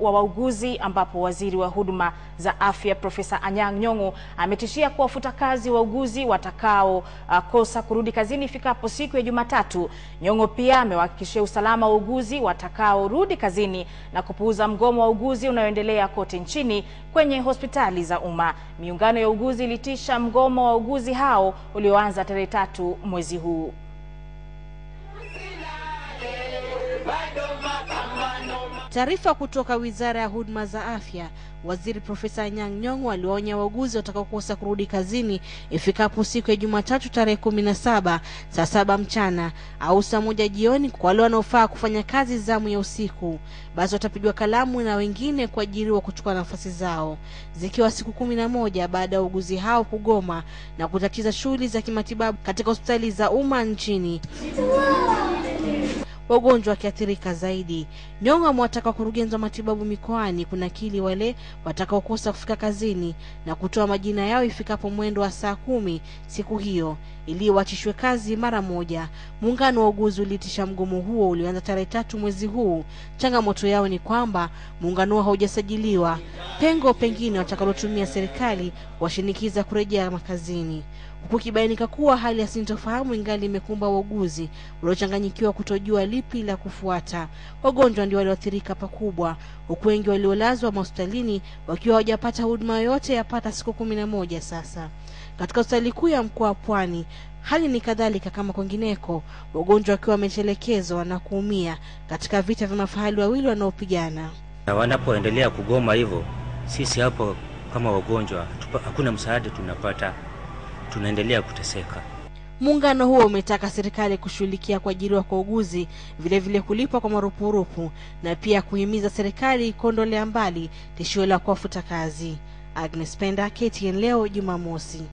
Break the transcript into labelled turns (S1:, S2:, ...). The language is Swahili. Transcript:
S1: wa wauguzi ambapo waziri wa huduma za afya Profesa Anyang' Nyong'o ametishia kuwafuta kazi wauguzi watakaokosa uh, kurudi kazini ifikapo siku ya Jumatatu. Nyong'o pia amewahakikishia usalama wauguzi watakaorudi kazini na kupuuza mgomo wa uguzi unaoendelea kote nchini kwenye hospitali za umma. Miungano ya wauguzi ilitisha mgomo wa wauguzi hao ulioanza tarehe tatu mwezi huu.
S2: Taarifa kutoka Wizara ya Huduma za Afya, Waziri Profesa nyang nyong aliwaonya wauguzi watakaokosa kurudi kazini ifikapo siku ya Jumatatu tarehe kumi na saba saa saba mchana au saa moja jioni kwa wale wanaofaa kufanya kazi zamu ya usiku, basi watapigwa kalamu na wengine kuajiriwa kuchukua nafasi zao, zikiwa siku kumi na moja baada ya wauguzi hao kugoma na kutatiza shughuli za kimatibabu katika hospitali za umma nchini wagonjwa wakiathirika zaidi. Nyonga amewataka wakurugenzi wa matibabu mikoani kunakili wale watakaokosa kufika kazini na kutoa majina yao ifikapo mwendo wa saa kumi siku hiyo ili wachishwe kazi mara moja. Muungano wa uguzi uliitisha mgomo huo ulioanza tarehe tatu mwezi huu. Changamoto yao ni kwamba muungano huo haujasajiliwa, pengo pengine watakalotumia serikali washinikiza kurejea makazini huku ikibainika kuwa hali ya sintofahamu ingali imekumba wauguzi uliochanganyikiwa kutojua lipi la kufuata. Wagonjwa ndio walioathirika pakubwa, huku wengi waliolazwa mahospitalini wakiwa hawajapata huduma yoyote yapata siku kumi na moja sasa. Katika hospitali kuu ya mkoa wa Pwani hali ni kadhalika kama kwingineko, wagonjwa wakiwa wamechelekezwa na kuumia katika vita vya mafahali wawili wanaopigana.
S3: Na wanapoendelea kugoma hivyo, sisi hapo kama wagonjwa hakuna msaada tunapata, tunaendelea kuteseka.
S2: Muungano huo umetaka serikali kushughulikia kuajiriwa kwa uguzi, vilevile kulipwa kwa marupurupu na pia kuhimiza serikali kuondolea mbali tishio la kuafuta kazi. Agnes Penda, KTN leo Jumamosi.